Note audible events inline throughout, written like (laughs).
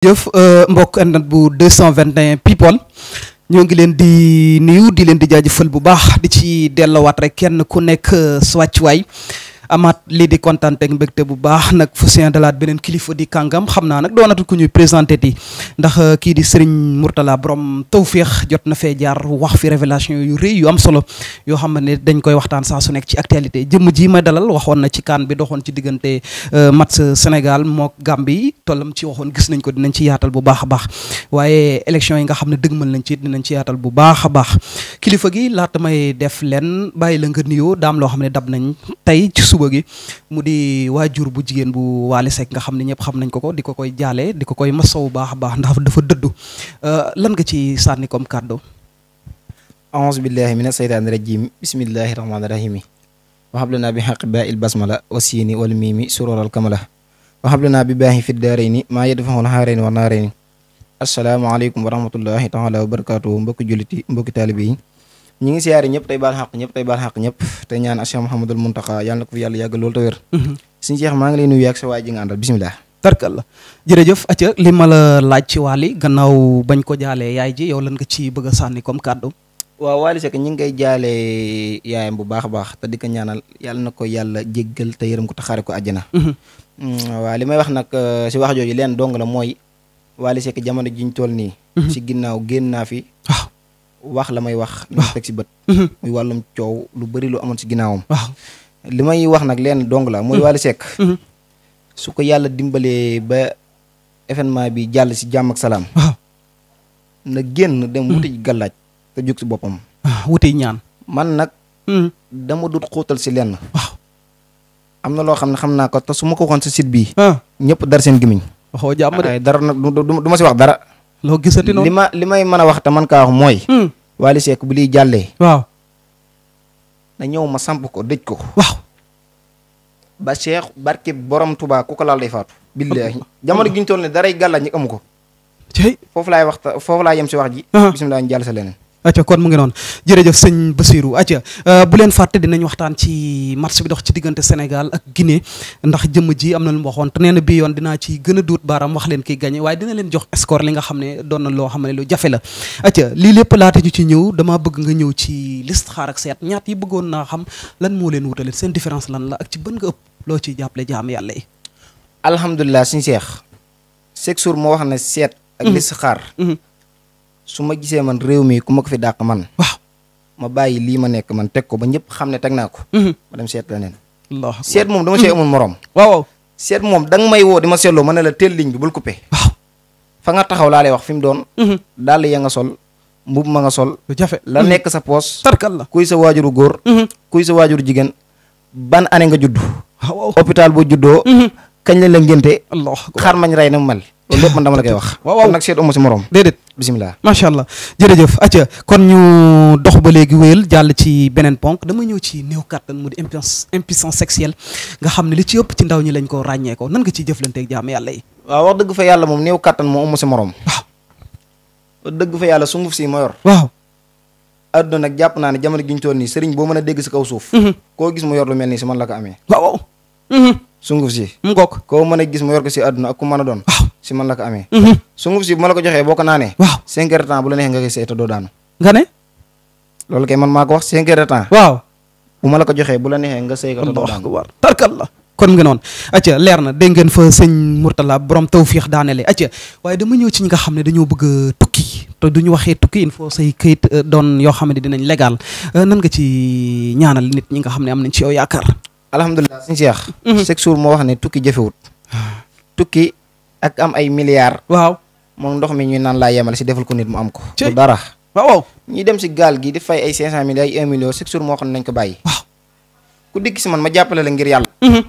jëf euh, mbokk internet bu 221 people ñoo ngi leen di nuyu di leen di jaajëfal bu baax di ci dellowaat rek kenn ku nekk euh, swàcc waay amaat lii di kontaan ak mbégte bu baax nag fu seen dalaat beneen kilifa di kàngam xam naa nag doonatul ku ñuy présenté ti ndax euh, kii di Serigne Mourtala borom feex jot na fee jaar wax fi révélation yu rëy yu am solo yoo xam ne dañ koy waxtaan saa su nekk ci actualité jëmm ji ma dalal waxoon na ci kaan bi doxoon ci diggante euh, mat Sénégal moo Gambie tollam ci waxoon gis nañ ko dinañ ci yaatal bu baax a baax waaye élection yi nga xam ne dëgmal nañ ci dinañ ci yaatal bu baax a baax kilifa gi laata may def leen bàyyi la nga nuyoo daam loo xam ne dab nañ tey suba gi mu di waajur bu jigéen bu Wally Seck nga xam ne ñëpp xam nañ ko ko di ko koy jaale di ko koy masaw baax a baax ndax dafa dëddu euh, lan nga ci sànni comme kàddu aouzu billahi mina seytaani rajim bismillahi rahmaani rahimi waxablana bi xaq ba il basmala wa siini wal miimi suroral kamala waxablana bi baaxi fi daarayni maa yadfaxul xaarayni wa naarayni asalaamaaleykum wa rahmatullahi taala wa barakaatu mbokki jullit yi mbokki taalibe yi ñi ngi siyaare ñëpp tey baal xaq ñëpp tey baal ñaan Cheikh Mouhamadul Mountakha yàlla na ko fi yàlla yàgg loolu te wér mhm. suñu Cheikh maa ngi lay nuyu ak sa waay ji nga àndal la jërëjëf acca li ma la laaj ci Wally gannaaw bañ ko jaalee yaay ji yow lan nga ci bëgg a sànni comme kàddu waaw Wally Seck ñi ngi koy jaalee yaayam bu a baax te di ko ñaanal yàlla na ko yàlla jéggal te yërëm ko te xaare ko àjjana mhm. mm, waaw li may wax nag euh, si wax jooju leen dong la mooy Wally Seck jamono jiñ toll nii mhm. si ginnaaw génn naa fi wax la may wax. li ma teg si bët. Mhm. muy wàllum coow lu bëri lu amoon si ginnaawam. li may wax nag leen dong la. muy mhm. Wally Seck. Mhm. su ko yàlla dimbalee ba événement bi jàll si jàmm ak salaam. na génn dem wuti gàllaaj te jóg si boppam. Ah, wuti ñaan. man nag. dama dut xóotal si lenn. waaw am na loo xam ne xam naa ko te su ko waxoon si site bii. Ah. ñëpp dar seen gimiñ. waxoo jàmm de dara du ma si wax dara. loo gisati noonu li ma li may mën a wax te man kaa wax mooy. Hmm. Wally seek bu liy jàllee. na ñëw ma samp ko dëj ko. waaw. ba Cheikh barke borom Touba ku ko laal day faatu. billaahi jamono gi ñu ne daray gàllaaj ñi amu ko. tey foofu laay waxta foofu laay yem si wax ji. Uh-huh. bisimilah ñu jàll sa leneen. acca kon mu ngi noonu jërëjëf sëñ Basirou acca euh, bu leen fàtte dinañ waxtaan ci match bi dox ci diggante Sénégal ak Guinée ndax jëmm ji am na lu mu nee na bii yoon dinaa ci gën a duut baaraam wax leen kiy gagné waaye dina leen jox score li nga xam ne doon na loo xam ne lu jafe la acca lii lépp laata ñu ci ñëw damaa bëgg nga ñëw ci liste xaar ak seet ñaat yi bëggoon naa xam lan moo leen wutale seen différence lan la ak ci bën nga ëpp loo ciy jàppale jaam yàlla yi alhamdulilah suñu seex Seck Sour moo wax ne seet ak mm-hmm. liste xaar mm-hmm. su ma gisee man réew mii ku ma ko fi dàq man. waaw ma bàyyi lii ma nekk man teg ko ba ñëpp xam ne teg naa ko. Mhm. ma dem seet la neen. alhamdulilah seet moom dama see mhm. amul moroom waaw waaw seet moom danga may woo di ma seetloo ma ne la teel ligne bi bul coupé. waaw fa nga taxaw laa lay wax fi mu doon. Mhm. dàll ya nga sol. mbub ma nga sol. jafe la nekk sa poos. tarkal la kuy sa waajuru góor. kuy sa waajuru jigéen. ban année nga judd. waaw hôpital boo juddoo. kañ la la ngénte. xar mañ rey na mu mel. loolu lépp man dama la koy wax. (laughs) waaw waaw nag seet umu si morom. déedéet bisimilah. macha allah jërëjëf acca kon ñu dox ba léegi wéyal jàll ci beneen ponk dama ñëw ci néew kàttan mu di impuissance impuissance sexuelle nga xam ne li ci ëpp ci ndaw ñi lañ ko ràññee ko nan nga ciy jëflanteeg jaam yàlla yi. waaw wax dëgg fa yàlla moom néew kàttan moo umu si morom. waaw. wax dëgg fa yàlla sunguf si ma yor. waaw. adduna nag jàpp naa ne jamono gi ñu toll nii sëriñ boo mën a dégg si kaw suuf. Mm-hmm. koo gis mu yor lu mel nii si man la ko amee. waaw. Mm-hmm. sunguf si. mu ngoog koo mën a gis mu yor ko si adduna ak ku mën a doon. waaw si man la ko amee mhm. sunguf si bu ma la ko joxee boo ko naanee waaw cinq heures de temps bu la neexee nga koy seeta doo daanu nga ne loolu kay man maa wax cinq heures de bu ma la ko joxee bu la neexee nga sëy ko doo daanu akbar tarkal la kon nga noonu acca leer na dégg ngeen fa sëñ Mourtala borom tawfiix daanele acca waaye dama ñëw ci ñi nga xam ne dañoo bëgg tukki te duñu waxee tukki il faut say këyit euh, doon yoo xam dinañ légal euh, nan ci ñaanal nit ñi xam ne am nañ ci yaakaar alhamdulilah sëñ Cheikh mhm. chaque jour moo wax ne tukki ak am ay milliards. waaw moom ndox mi ñuy naan laa yemal si defal ko nit mu am ko. du dara. waaw ñi dem si gaal gi di fay ay 500 mille ay 1 million chaque jour moo xam nañ ko bàyyi. ku dikk si man ma jàppale la ngir yàlla. Mm-hmm.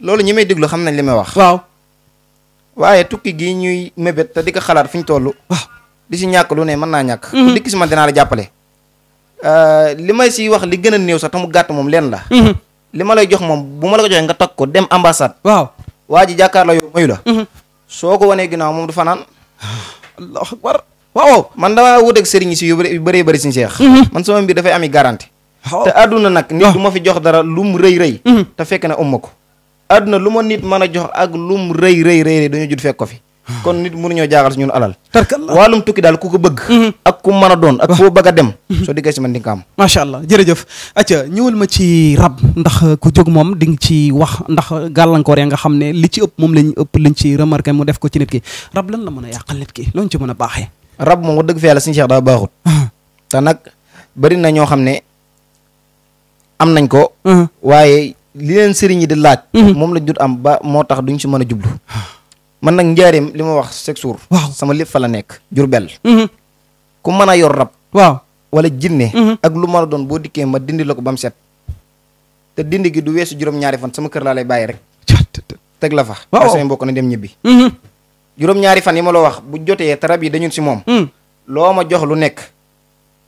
loolu ñi may déglu xam nañ li may wax. waaw waaye tukki gi ñuy mébét di ko xalaat fi ñu toll. di si ñàkk ne mën naa ñàkk. Mm-hmm. ku dikk si jàppale. Euh, li may si wax li gën a néew sax te mu gàtt moom leen la. Mm-hmm. li ma lay jox moom bu ma la ko joxee nga takk ko dem ambassade. waaw waa ji jàkkaar la yow mayu la mhm. soo ko wanee ginnaaw moom du fanaan (sighs) allahu man dama wuteeg sëriñ si yu bëree bëri siñ seex mhm. man sama mbir dafay ami garanti oh. te àdduna nag nit oh. du ma fi jox dara lum rëy rëy mhm. te fekk na umma ko àdduna lu ma nit mën a jox ak lum rëy rëy rëy dañu jul fekk ko fi kon nit ñoo jaaxal si ñun alal tarkal wàllum tukki daal ku ko bëgg mhm. ak ku mën a doon ak foo bëgg a dem mhm. soo diggee si man di nga am macha allah jërëjëf acca ñëwal ma ci rab ndax ku jóg moom di nga ci wax ndax gàllankoor ya nga xam ne li ci ëpp moom lañ ëpp liñ ci remarqué mu def ko ci rab lan la mën a yàqal nit ki loolu ci mën a baaxee rab moom wax dëgg fi yàlla suñu Cheikh daa baaxut mhm. te nag bari na ñoo xam ne am nañ ko waaye li leen sëriñ yi di laaj moom la jut am ba moo tax duñ si mën a jublu man nag njaareem li ma wax chaque jour. waaw sama lépp fa la nekk. Jurbel. Mhm. ku mën a yor rab. waaw wala jinne mhm. ak lu ma a doon boo dikkee ma dindi la ko ba set. te dindi gi du weesu juróom-ñaari fan sama kër laa lay bàyyi rek. teg la fa. waaw sama mbokk na dem ñibbi. Mhm. juróom-ñaari fan yi ma la wax bu jotee tarab yi dañu si moom. loo ma jox lu nekk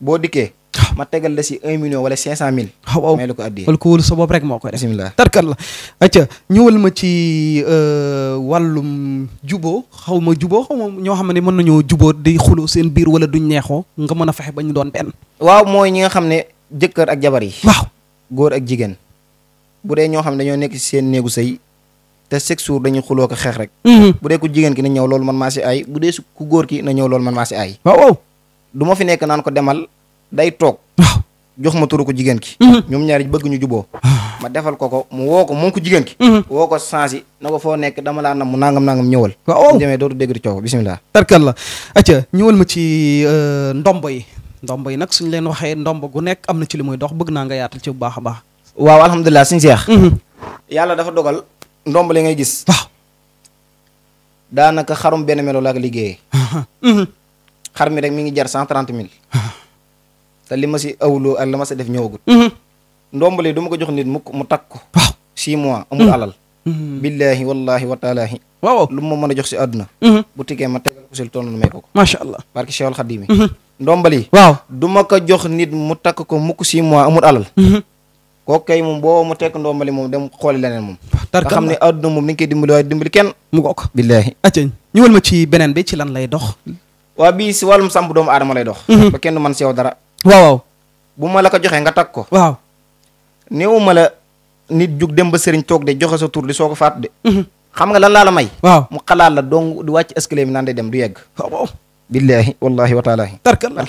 boo dikkee. Ah. ma tegal la si un million wala cinq cent mille. Ah, waaw may ko addiyee wala rek moo koy def. bisimilah tarkal la. acca ñëwal ma ci euh, wàllum juboo xaw ma jubo xaw ma ñoo xam ne mën nañoo juboo di xuloo seen biir wala duñ neexoo nga mën a fexe ba ñu doon benn. waaw mooy ñi nga xam ne jëkkër ak jabar yi. waaw góor ak jigéen. bu dee ñoo xam ne dañoo nekk si seen néegu sëy te chaque jour dañuy xuloo ko xeex rek. Mm-hmm. bu dee ku jigéen ki na ñëw loolu man maa si aay bu dee ku góor ki na ñëw loolu man maa si aay. waaw du fi nekk naan ko demal day toog. jox ma turu ko jigéen ki. Mhm. ñoom ñaari bëgg ñu juboo ah. ma defal ko ko mu woo ko moom ko jigéen ki. Mhm. woo ko sensi na ko foo nekk dama laa nam mu nangam nangam ñëwal. waaw oh. bu demee dootu dégg di coow bisimilah. tarkalla acca ñëwal ma ci euh, ndombo yi ndombo yi nag suñ leen waxee ndombo gu nekk am na ci li muy dox bëgg naa nga ci bu baax a baax. waaw alhamdulilah suñu seex. Mhm. yàlla dafa dogal ndombo li ngay gis. waaw daanaka xarum benn melo laa ko liggéeyee. (laughs) xar mi rek mi ngi jar cent trente mille. (laughs) te li ma si awloo ak la ma sa def ñëwagut mhm. ndombali du ma ko jox nit mukk mu takk ko waaw six mois amul mhm. alal mhm. billaahi wallaahi wa taalaahi waaw lu ma mën a ma tegal ko si lu toll na may ko ko barke Cheikhul Xadimi ndombali waaw du ma ko jox nit mu takk ko mukk six mois amul alal kooku kay moom boo mu tekk ndombali moom dem xooli leneen moom nga xam ne àdduna moom ni ñu koy dimbali waaye dimbali kenn mu ko ko billaahi acca ma ci beneen bi ci lan lay dox waa bii si wàllum sàmp doomu aadama lay dox ba kenn du man si yow dara waaw waaw bu ma la ko joxee nga takk ko. waaw néew ma la nit jug dem ba sëriñ toog de joxe sa tur di soo ko faat de. Mhm. xam nga lan laa la may. waaw mu xalaat la dong di wàcc escalier bi day dem du yegg. waaw billaahi wallaahi wa taalaahi. tarkal ak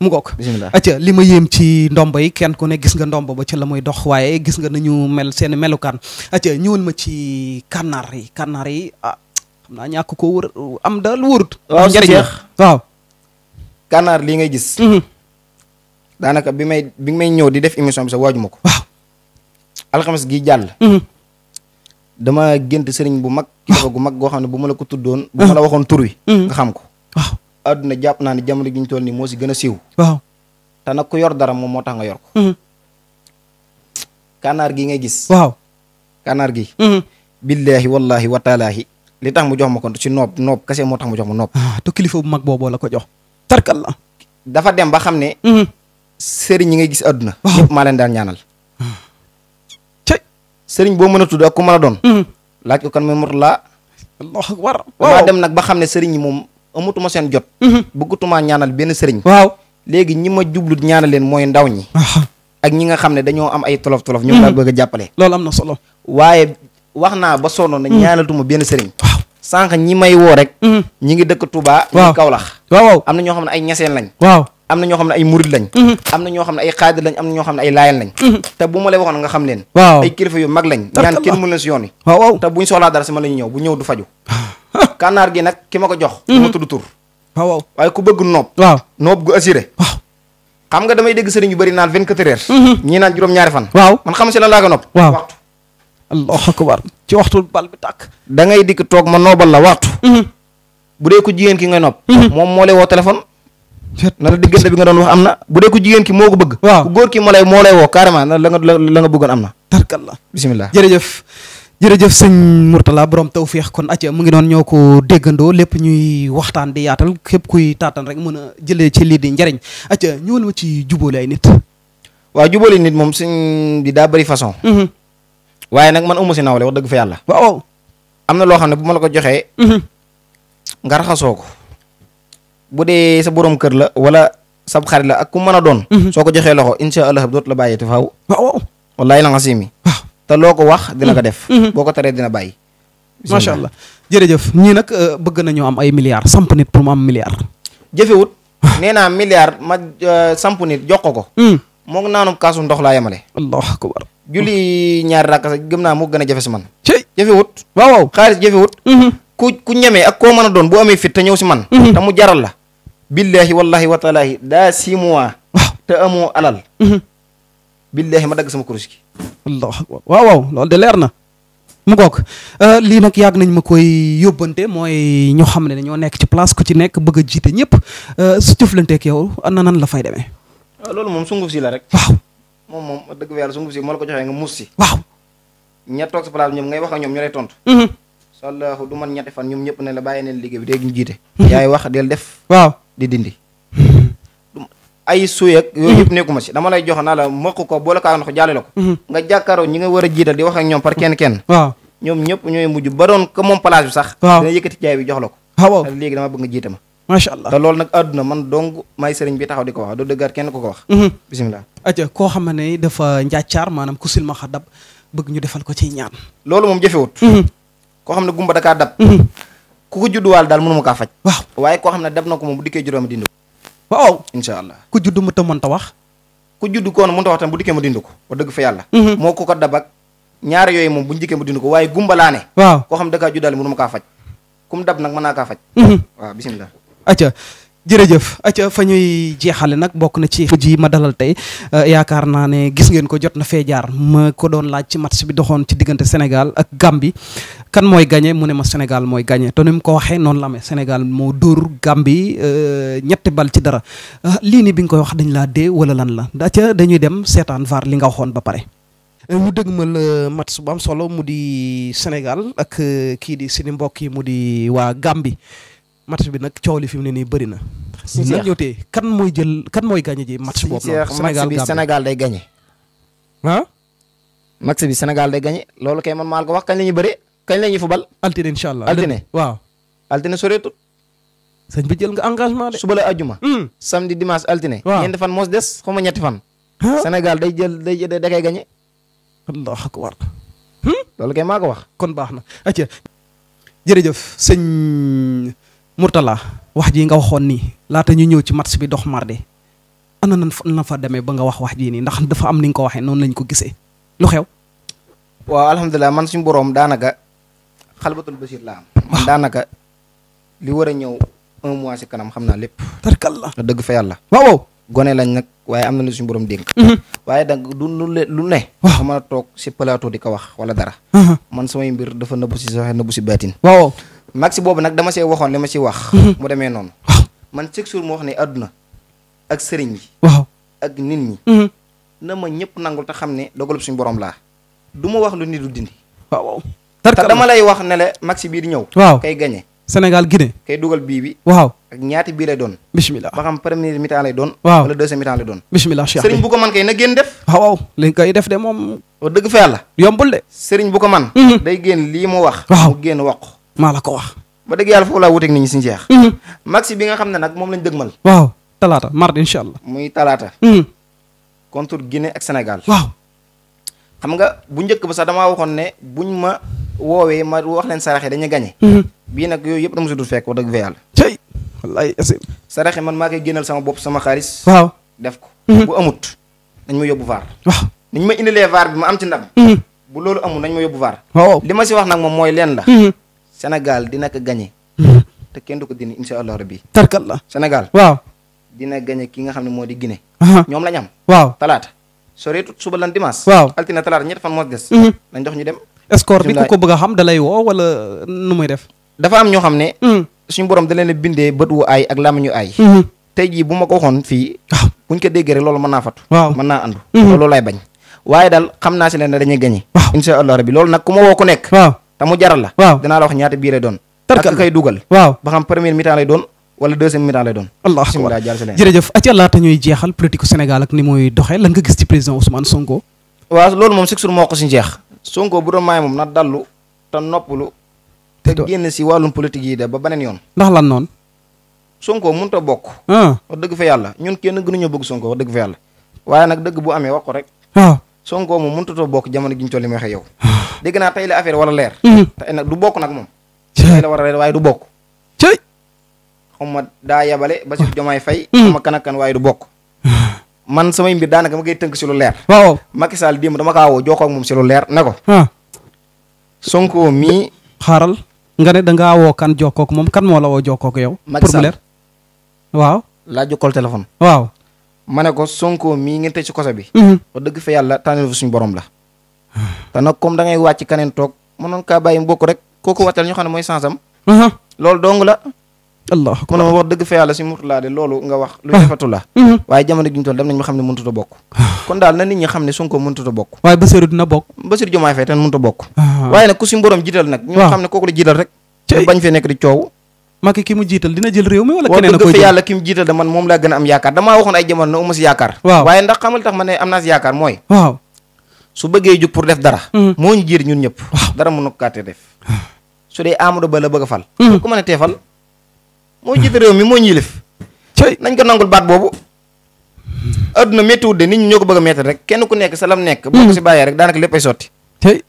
mu goog acca li ma yéem ci ndomba yi kenn ku ne gis nga ndomba ba ci la muy dox waaye gis nga na nañu mel seen melukaan acca ñëwal ma ci kànnaar yi kànnaar yi ah xam naa ñàkk koo wër am daal wóorut. waaw njëriñ waaw. kànnaar lii ngay gis. Mhm. daanaka bi may ñëw di def émission bi sax waaju ma ko. waaw alxames gi jàll. Mhm. dama gént sëriñ bu mag. kilifa gu mag goo xam ne bu ma tuddoon. bu ma mhm. la waxoon tur wi. Mhm. nga xam ko. waaw àdduna jàpp naa ne jamono gi ñu toll nii moo si gën a siiw. waaw te nag ku yor dara moom moo tax nga yor ko. kanaar gi ngay gis. waaw kanaar gi. billaahi wallaahi wataalaahi li tax mu jox ma ko ci noob noob kese moo tax mu jox ma noob. Ah, te kilifa bu mag booboo la ko jox. tarkal la. dafa dem ba xam ne. sëriñ ñi ngay gis àdduna. ñëpp maa leen daan ñaanal. sëriñ boo mën a tudd ak ku mën a doon. Mm-hmm. laaj ko kan mooy Mourtala. allahu akbar waaw nag ba xam ne sëriñ yi moom amatuma seen jot. Mm-hmm. bëggatuma ñaanal benn sëriñ. waaw léegi ñi ma jublu ñaanal leen mooy ndaw ñi. ñi nga xam ne dañoo am ay tolof tolof. Mm-hmm. jàppale. loolu am na solo. waaye wax naa ba sonnoon na benn sëriñ. sànq ñi may woo ngi dëkk Touba. waaw ñi am na ñoo xam ne ay ñaseen lañ. am na ñoo xam ne ay murid lañ mhm. am na ñoo xam ne ay xaadir lañ am na ñoo xam ne ay laayeen lañ mhm. te bu ma lay waxoon nga xam leen ay kilifa yu mag lañ ñaan kenn mu leen si yoon yi waaw waaw te soxlaa dara si man la ñëw bu ñëw du faju (laughs) kànnaar gi nag ki ma ko jox mhm. du ma tudd tur waaw waaw ku bëgg noob waaw noob gu assuré waaw xam nga damay dégg sëriñ yu bëri naan 24 heures ñii naan juróom-ñaari fan waaw man xam si lan laa ko nopp waaw waxtu allahu akbar ci waxtu bal bi tàkk da ngay dikk toog ma noobal la waxtu bu dee ko jigéen ki ngay nopp moom moo lay woo téléphone na la diggante bi nga doon wax am na bu dee ko jigéen ki moo ko bëgg waaw ku góor ki moo lay moo lay woo carrément la nga la nga bëggoon am na tarkalla bisimilah jërëjëf jërëjëf sëñ Mourtala borom tawféex kon acca mu ngi doon ñoo ko déggandoo lépp ñuy waxtaan di yaatal képp kuy taataan rek mën a jëlee ci lii di njariñ acca ñëwal ma ci jubóole ay nit waaw jubóole moom sëñ bi daa bëri façon mhm. nag man amu si nawle wax dëgg fa yàlla waaw am na loo xam ne bu ma la ko joxee mhm. nga raxasoo ko bu dee sa borom kër la wala sab xarit la ak ku man a doon. Mhm. soo ko joxee loxo incha allah dootu la bàyyi te faaw. waaw wallaahi la nga siimi. te loo ko wax dina ko mhm. def. Mhm. boo ko taree dina bàyyi. macha allah jërëjëf nag euh, bëgg nañoo am ay milliards samp pour mu am milliard. jëfewut ah. nee naa ma euh, samp nit jox ko ko. Mm. moom naanum ndox laa yemale. allahu akbar. julli ñaari rakk sax gëm naa moo gën a jafe si man. jëfewut. waaw waaw xaalis jëfewut. ku ku ñemee ak koo mën a doon bu amee fit te ñëw si man. te jaral la. billaahi wallaahi wataalaahi daa six mois te amoo alal mhm. billaahi ma dagg sama kurus gi allahu akbar waaw waaw loolu de leer na mu goog euh, lii nag yàgg nañ ma koy yóbbante mooy ñoo xam ne dañoo nekk ci place ku ci nekk bëgg a jiite euh, la fay demee a ah, loolu moom sunguf si la rek waaw moom moom dëgg fa yàlla sunguf moo la ko joxee nga muus si waaw ña toog sa place ñoom ngay wax ak ñoom ñu lay tontu mhm. sallahu du man ñetti fan ñoom ñëpp ne la bàyyi neen liggéey bi jiite mhm. yaay wax del def di dindi ay suy ak yooyu yëpp nekkuma si dama lay jox naa la mokk ko boole kaa ndox jàlle la ko mhm. nga jàkkaaroo ñi nga war a jiital di wax ak ñoom par kenn kenn ñoom ñëpp ñooy mujj ba doon ko moom place bi sax dina yëkkati jaay bi jox la ko ah, waaw léegi dama bëgg nga jiite ma macha allah te loolu nag àdduna man dong may sëriñ bi taxaw di ko wax doo dëggaat kenn ku ko wax mhm. bisimilah aja koo xam ne dafa njàccaar maanaam ku silmaxa dab bëgg ñu defal ko ci ñaan loolu moom jëfewut mhm. ku ko judduwaal daal mënu ma kaa faj. waaw waaye koo xam ne def na ko moom bu dikkee juróomi dindi ko. waaw incha allah ku judd mu ta mënta wax. ku judd koon mënta wax tam bu dikkee ma dindi ko wax dëgg fa yàlla. Mhm. moo ko ko dabak ñaar yooyu moom bu ñu ma dindi ko waaye gumbalaane. waaw koo xam ne da kaa juddaal mënu ma kaa faj. kum dab nag mën kaa faj. Mhm. waaw bisimilah. acca jërëjëf aca fa ñuy jeexale nag bokk na ci ji ma dalal tey euh, yaakaar naa ne gis ngeen ko jot na fee jaar ma ko doon laaj ci match bi doxoon ci diggante Sénégal ak Gambie kan mooy gagné mu ne ma Sénégal mooy gagné te ni mu ko waxee noonu la amee Sénégal moo dóor Gambie euh, ñetti bal ci dara euh, lii bi nga koy wax dañ laa dee wala lan la aca dañuy dem seetaan VAR li nga waxoon ba pare ñu dëgmal match bu am solo mu di Sénégal ak kii di seen mbokk yi mu di waa Gambie match bi nag coow li fi mu ne nii bëri na. si jeex ñu kan mooy jël kan mooy gagné ji match boobu. Sénégal bi Sénégal day gagné. bi Sénégal day gagné loolu kay man maa wax kañ la ñuy bëree kañ la ñuy fubal. altine waaw. altine soreetul. sëñ bi jël nga engagement de. suba la ajjuma. Hmm. samedi dimanche altine. waaw ñeenti fan mos des xaw ma ñetti fan. day jël day jël da kay gagné. allahu akbar. Hmm? wax. kon baax na. jërëjëf sëñ. Mourtala wax jii nga waxoon nii laata ñu ñëw ci match bi dox mardi ana nan na fa demee ba nga wax wax jii nii ndax dafa am ni nga ko waxee noonu lañ ko gisee lu xew. waaw alhamdulilah man suñu boroom daanaka xalbatul basir laa am. man daanaka li war a ñëw un mois ci kanam xam naa lépp. tarkalla dëgg fa yàlla. waaw waaw gone lañ nag waaye am na lu suñu borom dénk. Mhm. waaye da du lu ne. waaw mën a toog ci plateau di ko wax wala dara. Mhm. man samay mbir dafa nëbbu ci saxe nëbbu ci baatin. waaw max boobu nag dama see waxoon li ma ci wax. Mhm. mu demee noonu. man chaque jour wax ne àdduna ak sëriñ yi. waaw nit ñi. Mhm. ma ñëpp nangul te xam ne dogalub suñu borom laa. ma wax lu nit du dindi. waaw dama lay wax ne la max bii di ñëw. waaw kay gagné. Sénégal Guinée. kay dugal bii bi. waaw ak ñaati bii lay doon. bismillah ba premier mi lay doon. waaw wala deuxième lay doon. bismillah Cheikh sëriñ bu ko man kay na génn def. waaw li kay def de moom. wax dëgg fa yàlla. yombul de. sëriñ bu ko man mhm. day génn lii mu wax. waaw mu génn wax maa la ko wax. ba dëgg yàlla foofu laa wuteeg nit ñi suñu jeex. maxi bi nga xam ne nag moom lañ dëgmal. waaw talaata mardi incha allah. muy talaata. Mhm. contre Guinée ak Sénégal. waaw. xam nga bu njëkk ba sax damaa waxoon ne buñ ma woowee ma wax leen saraxe dañuy gagné. Mhm. bii nag yooyu yëpp dama si dul fekk wax dëgg fa yàlla. Mhm. bu amut dañ ma yóbbu vaar. waaw nañ ma indilee vaar bi ma am ci ndam. bu loolu amul dañ ma yóbbu vaar. waaw oh. li ma si wax nag moom mooy leen la. Sénégal dina ko gagné. Hmm. te kenn du ko dindi incha allah rabbi. tarkal la Sénégal. waaw dina gagné ki nga xam ne moo di Guinée. ñoom la ñu am. waaw talaata. soreetut suba lan dimanche. waaw altine talaata ñetti fan moo des. lañ hmm. dox ñu dem. score bi ku ko bëgg xam da lay woo wala nu muy def. dafa am ñoo xam ne. Hmm. suñu borom da leen a bindee bët wu aay ak làmmiñ wu tey jii bu ma ko waxoon fii. buñ ko déggee rek loolu mën naa fatu. waaw mën naa andu. loolu laay bañ. waaye daal xam naa si ne a gagné. waaw te mu jaral la. waaw dinaa la wax ñaata bii lay doon. tarkal ak kay dugal. waaw ba xam première mi lay doon. wala deuxième mi lay doon. allah akbar jërëjëf aci laata ñuy jeexal politique Sénégal ak ni muy doxee lan nga gis ci président Ousmane Sonko. waaw loolu moom sëg moo ko si jeex. Sonko bu doon maay moom na dallu te noppalu. te génn si wàllum politique yi de ba beneen yoon. ndax lan noonu. Sonko mun a bokk. Ah. wax dëgg fa yàlla ñun kenn gënuñoo bëgg Sonko wax dëgg fa yàlla. waaye dëgg bu amee wax ko rek. Ah. Sonko moom mënutoo bokk jamono gi ñu toll li yow. (sighs) dégg naa tey la affaire war a leer. Mm-hmm. du bokk nag moom. tey la war a du bokk. cëy. xaw ma daa yabale ba si jomaay ah. fay. Mm-hmm. xaw waaye du bokk. (sighs) man samay mbir ma koy tënk si lu leer. waaw Macky Sall dama kaa woo jokkoo moom si lu leer ne ko. Sonko mii. xaaral nga ne da woo kan jokkoo ak moom kan moo la woo jokkoo ak yow. Macky Sall pour mu leer waaw. laa jokkal téléphone. waaw. ma ne ko Sonko mii ngeen tëj ci bi. Mhm. wax dëgg fa yàlla tànnal fa suñu borom la. te nag comme da ngay wàcc kaneen toog mënoon kaa bàyyi mu bokk rek kooku wàccal ñu xam ne mhm. la. allah mun na a bokk. Ah. a bokk. waaye Bassirou dina bokk. Bassirou Diomaye Faye tamit mënut a bokk. Ah. waaye nag ku suñu borom jiital nag. ñu xam ne kooku la jiital rek. bañ fee nekk di coow Macky ki mu jiital dina jël réew mi wala keneen a koy jël yàlla ki mu jiital da moom laa gën a am yaakaar damaa waxoon ay jamono amu si yaakaar waaye ndax xamal tax ma am naa si yaakaar mooy waaw su bëggee jug pour def dara hmm. moo ñu jiir ñun ñëpp dara mënu ko kàttee def hmm. su dee Amadou Ba la bëgg a fal hmm. ku mën a teefal moo jiite réew mi moo ñu yilif nañ ko nangul baat boobu adduna méttiwut de nit ñi ñoo ko bëgg a métti rek kenn ku nekk sa lam nekk boo ko si bàyyee rek daanaka lépp ay sotti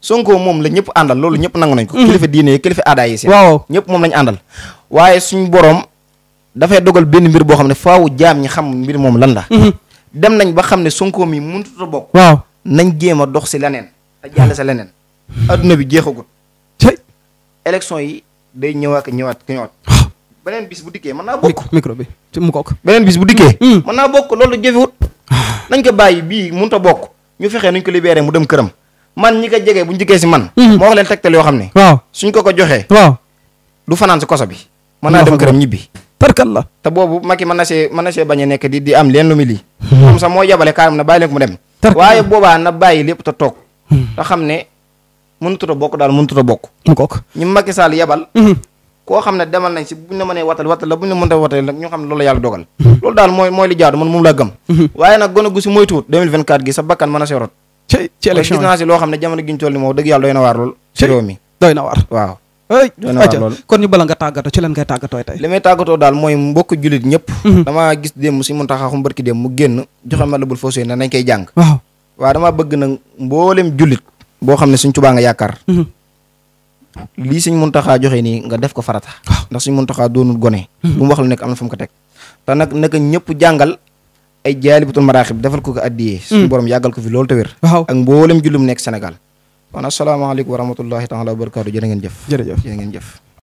Sonko la ñëpp àndal loolu ñëpp nangu nañ ko kilifa diine kilifa aada ñëpp moom lañ àndal waaye suñu boroom dafay dogal benn mbir boo xam ne faaw jaam ñi xam mbir moom lan la. Mhm. dem nañ ba xam ne Sonko mi mënut bokk. waaw nañ jéem a dox si leneen. leneen. adduna bi jeexagul. tey. élection yi day ñëwaat ñëwaat ñëwaat. beneen bis bu dikkee mën naa bokk micro bi ci mu kook beneen bis bu dikkee. Mhm. mën naa bokk loolu jëfewut. nañ ko bàyyi bii mënut a bokk ñu fexee nañ ko libéré mu dem këram. man ñi ko jege bu ñu jigee si man. Mhm. moo wax yoo xam ne. suñ ko ko joxee. waaw du fanaan si koso bi. mën naa dem këram ñibbi barkalla te boobu Macky mën na see mën na see a nekk di di am leen lu mu lii hmm. moom sax moo jabale kaaram na bàyyi mu dem waaye boobaa na bàyyi lépp te toog hmm. xam ne mënutut a bokk daal mënutut a bokk hmm. ñu xam ne demal la mënee dogal loolu daal mooy li jaadu man moom laa gëm waaye nag gone gu si moytuwut 2024 gi sa bakkan mën a see rot ci élection gis naa loo xam ne jamono gi ñu toll ni moom doy na waar lool ci doy na waar kon ñu bala nga tàggatoo ci lan ngay tàggatoo tey li may tàggatoo daal mooy mbokk jullit ñëpp mhm. damaa gis démb si mun taxaa xum barki démb mu génn joxe ma la bul faussé damaa bëgg nag mboolem jullit boo xam ne suñ tubaa nga yaakaar mhm. lii suñ mun taxaa joxe nii nga def ko farata ndax suñ mun taxaa doonul gone mhm. bu mu wax lu nekk am na fu mu ko teg te nag naka ñëpp jàngal ay jaalibatul maraaxib defal ko ko addiyee suñu borom yàggal ko fi loolu te wér ak mboolem mu nekk Sénégal kon asalaamaaleykum wa rahmatullahi taala wa barakaatu jërë ngeen jëf jërëjëf jërë ngeen jëf